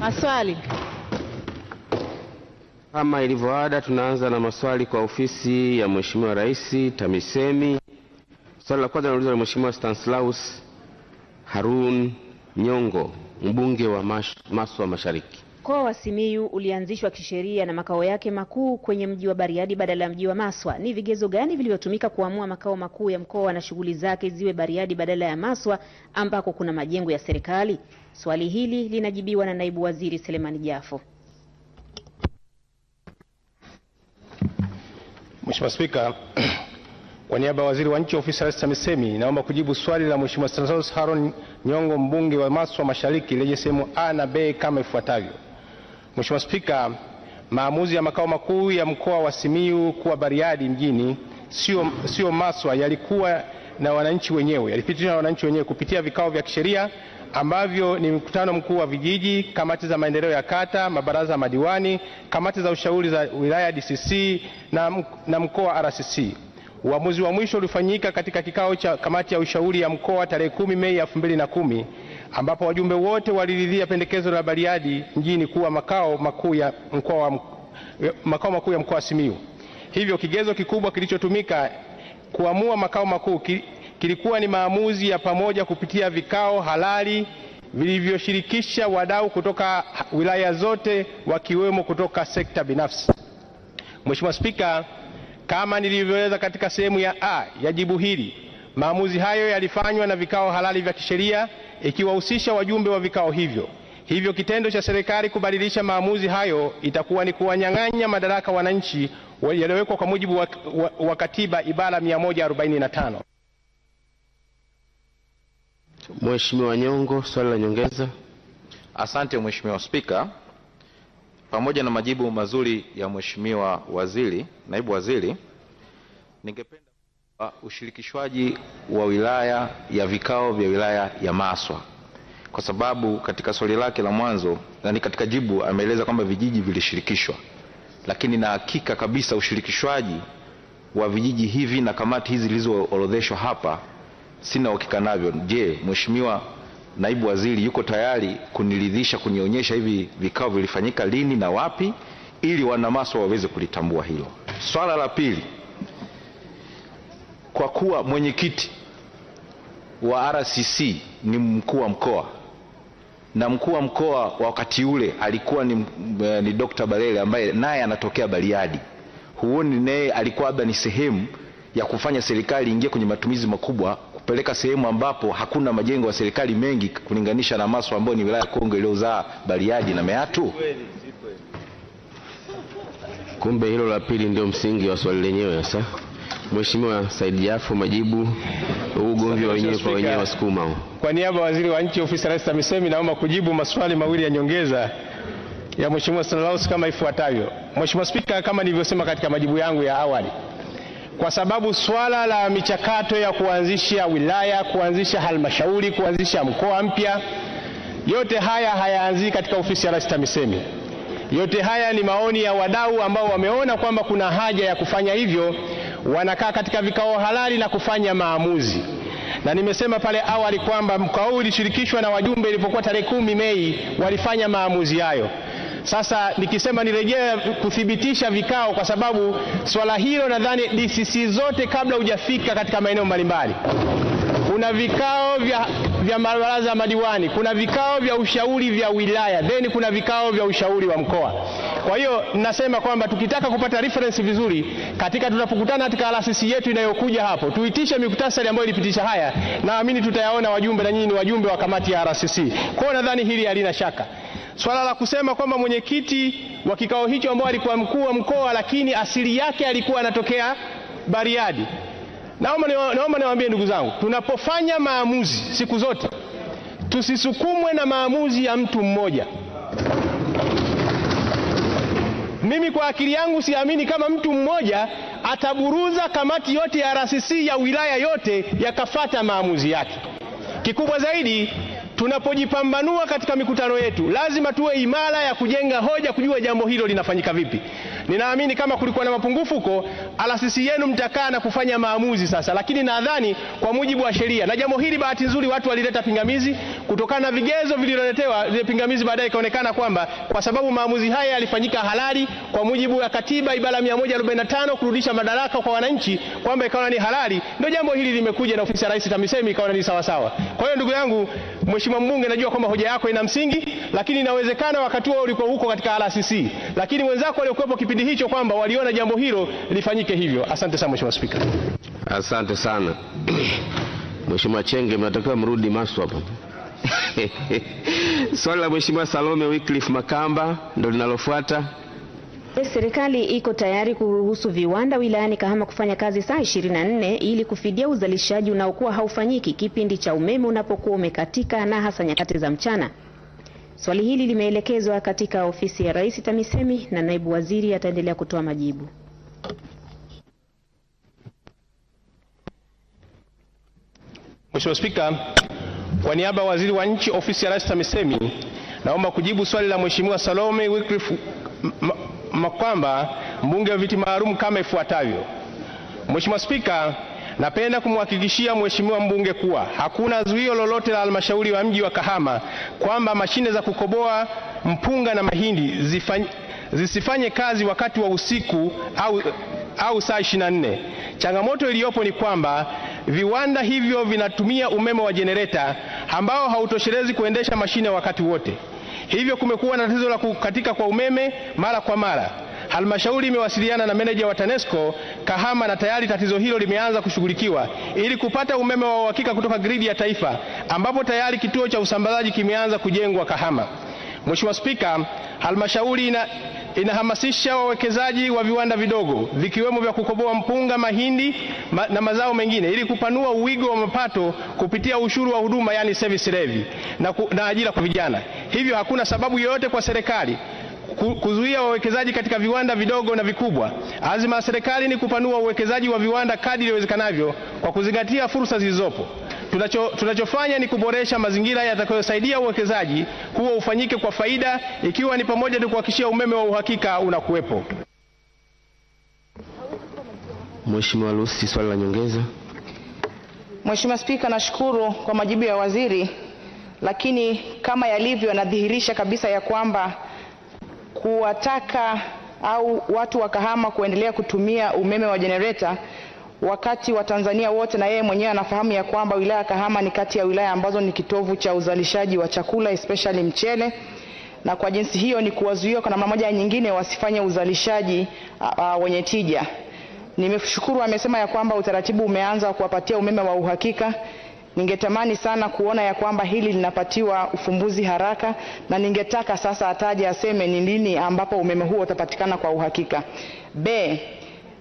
Maswali. Kama ilivyo ada, tunaanza na maswali kwa ofisi ya Mheshimiwa Rais TAMISEMI. Swali la kwanza linaulizwa na Mheshimiwa Stanislaus Harun Nyongo, mbunge wa Maswa Mashariki. Mkoa wa Simiyu ulianzishwa kisheria na makao yake makuu kwenye mji wa Bariadi badala ya mji wa Maswa. Ni vigezo gani vilivyotumika kuamua makao makuu ya mkoa na shughuli zake ziwe Bariadi badala ya Maswa ambako kuna majengo ya serikali? Swali hili linajibiwa na Naibu Waziri Selemani Jafo. Mheshimiwa Spika, kwa niaba ya Waziri wa Nchi Ofisi ya Rais TAMISEMI, naomba kujibu swali la Mheshimiwa Stanislaus Haron Nyongo, mbunge wa Maswa Mashariki, lenye sehemu A na B kama ifuatavyo. Mheshimiwa Spika, maamuzi ya makao makuu ya mkoa wa Simiyu kuwa Bariadi mjini sio, sio maswa, yalikuwa na wananchi wenyewe, yalipitishwa na wananchi wenyewe kupitia vikao vya kisheria ambavyo ni mkutano mkuu wa vijiji, kamati za maendeleo ya kata, mabaraza ya madiwani, kamati za ushauri za wilaya DCC na, na mkoa RCC. Uamuzi wa mwisho ulifanyika katika kikao cha kamati ya ushauri ya mkoa tarehe 10 Mei 2010 ambapo wajumbe wote waliridhia pendekezo la Bariadi mjini kuwa makao makuu ya mkoa makao makuu ya mkoa wa Simiyu. Hivyo kigezo kikubwa kilichotumika kuamua makao makuu kilikuwa ni maamuzi ya pamoja kupitia vikao halali vilivyoshirikisha wadau kutoka wilaya zote wakiwemo kutoka sekta binafsi. Mheshimiwa Spika, kama nilivyoeleza katika sehemu ya A ya jibu hili, maamuzi hayo yalifanywa na vikao halali vya kisheria ikiwahusisha wajumbe wa vikao hivyo. Hivyo kitendo cha serikali kubadilisha maamuzi hayo itakuwa ni kuwanyang'anya madaraka wananchi yaliyowekwa kwa mujibu wa, wa, wa katiba ibara 145. Mheshimiwa Nyongo, swali la nyongeza. Asante Mheshimiwa Spika, pamoja na majibu mazuri ya Mheshimiwa Waziri, Naibu Waziri, ningependa Ushirikishwaji wa wilaya ya vikao vya wilaya ya Maswa, kwa sababu katika swali lake la mwanzo, yani katika jibu ameeleza kwamba vijiji vilishirikishwa, lakini na hakika kabisa ushirikishwaji wa vijiji hivi na kamati hizi zilizoorodheshwa hapa sina uhakika navyo. Je, Mheshimiwa Naibu Waziri yuko tayari kuniridhisha, kunionyesha hivi vikao vilifanyika lini na wapi, ili wanamaswa waweze kulitambua hilo. Swala la pili kwa kuwa mwenyekiti wa RCC ni mkuu wa mkoa na mkuu wa mkoa wa wakati ule alikuwa ni, eh, ni Dr. Balele ambaye naye anatokea Bariadi. Huoni naye alikuwa labda ni sehemu ya kufanya serikali ingie kwenye matumizi makubwa, kupeleka sehemu ambapo hakuna majengo ya serikali mengi kulinganisha na Maswa ambayo ni wilaya kongwe iliyozaa Bariadi na Meatu. Kumbe hilo la pili ndio msingi wa swali lenyewe sasa. Mheshimiwa Said Jafo, majibu ugomvi wa wenyewe kwa wenyewe Wasukuma. Kwa niaba ya waziri wa nchi ofisi ya Rais TAMISEMI, naomba kujibu maswali mawili ya nyongeza ya Mheshimiwa Stanislaus kama ifuatavyo. Mheshimiwa Spika, kama nilivyosema katika majibu yangu ya awali, kwa sababu swala la michakato ya kuanzisha wilaya, kuanzisha halmashauri, kuanzisha mkoa mpya, yote haya hayaanzii katika ofisi ya Rais TAMISEMI. Yote haya ni maoni ya wadau ambao wameona kwamba kuna haja ya kufanya hivyo wanakaa katika vikao halali na kufanya maamuzi. Na nimesema pale awali kwamba mkoa huu ulishirikishwa na wajumbe ilipokuwa tarehe kumi Mei, walifanya maamuzi hayo. Sasa nikisema nirejea kuthibitisha vikao, kwa sababu swala hilo nadhani DCC zote kabla hujafika katika maeneo mbalimbali kuna vikao vya vya mabaraza ya madiwani, kuna vikao vya ushauri vya wilaya, then kuna vikao vya ushauri wa mkoa. Kwa hiyo nasema kwamba tukitaka kupata reference vizuri katika tunapokutana katika alasisi yetu inayokuja hapo, tuitishe mikutasari ambayo ilipitisha haya, naamini tutayaona wajumbe, na nyinyi ni wajumbe wa kamati ya RCC. Kwa hiyo nadhani hili halina shaka. Swala la kusema kwamba mwenyekiti wa kikao hicho ambao alikuwa mkuu wa mkoa, lakini asili yake alikuwa anatokea Bariadi Naomba niwaambie, ndugu zangu, tunapofanya maamuzi siku zote tusisukumwe na maamuzi ya mtu mmoja. Mimi kwa akili yangu siamini kama mtu mmoja ataburuza kamati yote ya RCC ya wilaya yote yakafata maamuzi yake. Kikubwa zaidi, tunapojipambanua katika mikutano yetu, lazima tuwe imara ya kujenga hoja, kujua jambo hilo linafanyika vipi. Ninaamini kama kulikuwa na mapungufu huko, alasisi yenu mtakaa na kufanya maamuzi sasa, lakini nadhani kwa mujibu wa sheria na jambo hili, bahati nzuri watu walileta pingamizi kutokana na vigezo vilivyoletewa vile pingamizi, baadaye ikaonekana kwamba kwa sababu maamuzi haya yalifanyika halali kwa mujibu wa katiba ibara 145 kurudisha madaraka kwa wananchi, kwamba ikaona ni halali, ndio jambo hili limekuja na ofisi ya Rais TAMISEMI ikaona ni sawa sawa. Kwa hiyo ndugu yangu Mheshimiwa mbunge, najua kwamba hoja yako ina msingi, lakini inawezekana wakati huo ulikuwa huko katika RCC, lakini wenzako waliokuwepo kipindi hicho kwamba waliona jambo hilo lifanyike hivyo. Asante sana Mheshimiwa Spika. Asante sana Mheshimiwa Chenge, mnatakiwa mrudi Maswa hapo. Swali la Mheshimiwa Salome Wycliffe Makamba ndo linalofuata. Serikali iko tayari kuruhusu viwanda wilayani Kahama kufanya kazi saa 24 ili kufidia uzalishaji unaokuwa haufanyiki kipindi cha umeme unapokuwa umekatika na hasa nyakati za mchana. Swali hili limeelekezwa katika ofisi ya Rais TAMISEMI na naibu waziri ataendelea kutoa majibu. Mheshimiwa Spika, kwa niaba ya waziri wa nchi ofisi ya Rais TAMISEMI, naomba kujibu swali la Mheshimiwa Salome Wycliffe makwamba mbunge wa viti maalum kama ifuatavyo. Mheshimiwa Spika, napenda kumhakikishia Mheshimiwa mbunge kuwa hakuna zuio lolote la halmashauri wa mji wa Kahama kwamba mashine za kukoboa mpunga na mahindi zifany, zisifanye kazi wakati wa usiku au, au saa 24. Changamoto iliyopo ni kwamba viwanda hivyo vinatumia umeme wa jenereta ambao hautoshelezi kuendesha mashine wakati wote. Hivyo kumekuwa na tatizo la kukatika kwa umeme mara kwa mara. Halmashauri imewasiliana na meneja wa TANESCO Kahama na tayari tatizo hilo limeanza kushughulikiwa ili kupata umeme wa uhakika kutoka gridi ya taifa, ambapo tayari kituo cha usambazaji kimeanza kujengwa Kahama. Mheshimiwa Spika, halmashauri ina inahamasisha wawekezaji wa viwanda vidogo vikiwemo vya kukoboa mpunga, mahindi ma, na mazao mengine ili kupanua uwigo wa mapato kupitia ushuru wa huduma yani service levy na, ku, na ajira kwa vijana. Hivyo hakuna sababu yoyote kwa serikali kuzuia wawekezaji katika viwanda vidogo na vikubwa. Azima ya serikali ni kupanua uwekezaji wa viwanda kadri iwezekanavyo kwa kuzingatia fursa zilizopo. Tunacho, tunachofanya ni kuboresha mazingira yatakayosaidia uwekezaji huo ufanyike kwa faida, ikiwa ni pamoja na kuhakikishia umeme wa uhakika unakuwepo. Mheshimiwa Lucy, swali la nyongeza. Mheshimiwa Spika, nashukuru kwa majibu ya waziri, lakini kama yalivyo yanadhihirisha kabisa ya kwamba kuwataka au watu wa Kahama kuendelea kutumia umeme wa jenereta wakati wa tanzania wote na yeye mwenyewe anafahamu ya kwamba wilaya ya Kahama ni kati ya wilaya ambazo ni kitovu cha uzalishaji wa chakula especially mchele, na kwa jinsi hiyo ni kuwazuia kwa namna moja nyingine wasifanye uzalishaji uh, uh, wenye tija. Nimeshukuru amesema ya kwamba utaratibu umeanza wa kuwapatia umeme wa uhakika. Ningetamani sana kuona ya kwamba hili linapatiwa ufumbuzi haraka, na ningetaka sasa ataje aseme ni lini ambapo umeme huo utapatikana kwa uhakika. B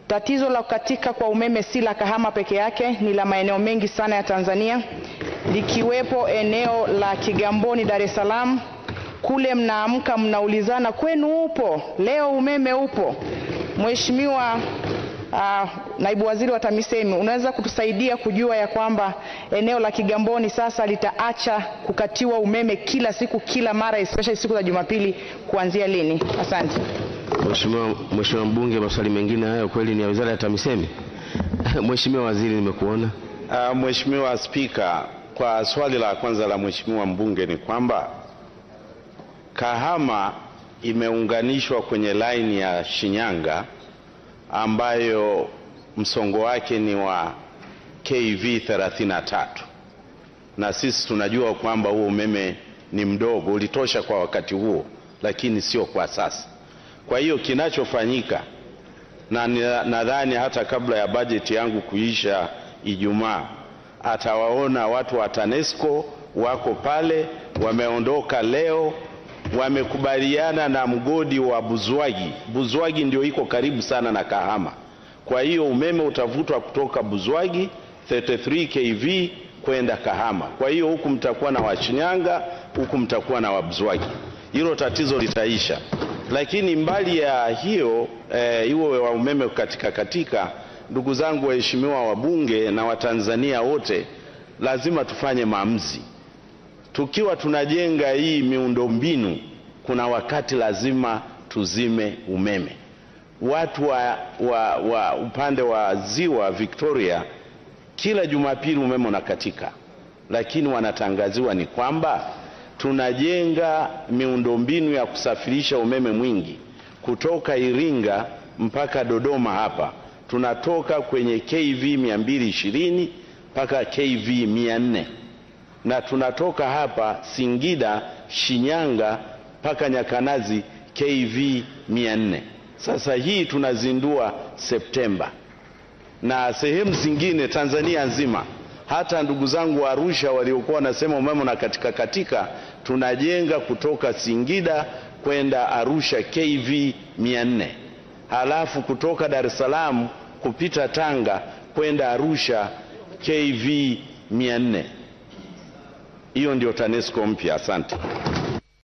Tatizo la kukatika kwa umeme si la Kahama peke yake, ni la maeneo mengi sana ya Tanzania likiwepo eneo la Kigamboni, Dar es Salaam. Kule mnaamka mnaulizana, kwenu upo leo, umeme upo. Mheshimiwa uh, naibu waziri wa TAMISEMI, unaweza kutusaidia kujua ya kwamba eneo la Kigamboni sasa litaacha kukatiwa umeme kila siku, kila mara, especially siku za Jumapili, kuanzia lini? Asante. Mheshimiwa mbunge, maswali mengine hayo kweli ni ya wizara ya TAMISEMI? Mheshimiwa waziri, nimekuona. Uh, Mheshimiwa Spika, kwa swali la kwanza la Mheshimiwa mbunge ni kwamba Kahama imeunganishwa kwenye laini ya Shinyanga ambayo msongo wake ni wa KV 33 na sisi tunajua kwamba huo umeme ni mdogo, ulitosha kwa wakati huo, lakini sio kwa sasa. Kwa hiyo kinachofanyika, na nadhani hata kabla ya bajeti yangu kuisha Ijumaa, atawaona watu wa TANESCO wako pale, wameondoka leo, wamekubaliana na mgodi wa Buzwagi. Buzwagi ndio iko karibu sana na Kahama, kwa hiyo umeme utavutwa kutoka Buzwagi 33 kV kwenda Kahama. Kwa hiyo huku mtakuwa na Wachinyanga, huku mtakuwa na Wabuzwagi. Hilo tatizo litaisha. Lakini mbali ya hiyo hiyo eh, e, wa umeme katika katika, ndugu zangu waheshimiwa wabunge na Watanzania wote, lazima tufanye maamuzi. Tukiwa tunajenga hii miundombinu, kuna wakati lazima tuzime umeme. Watu wa, wa, wa upande wa ziwa Victoria kila Jumapili umeme unakatika, lakini wanatangaziwa ni kwamba tunajenga miundombinu ya kusafirisha umeme mwingi kutoka Iringa mpaka Dodoma. Hapa tunatoka kwenye KV 220 mpaka KV 400 na tunatoka hapa Singida, Shinyanga mpaka Nyakanazi KV 400. Sasa hii tunazindua Septemba na sehemu zingine Tanzania nzima hata ndugu zangu wa Arusha waliokuwa wanasema umeme na katika katika, tunajenga kutoka Singida kwenda Arusha KV 400 halafu kutoka Dar es Salaam kupita Tanga kwenda Arusha KV 400. Hiyo ndio TANESCO mpya. Asante.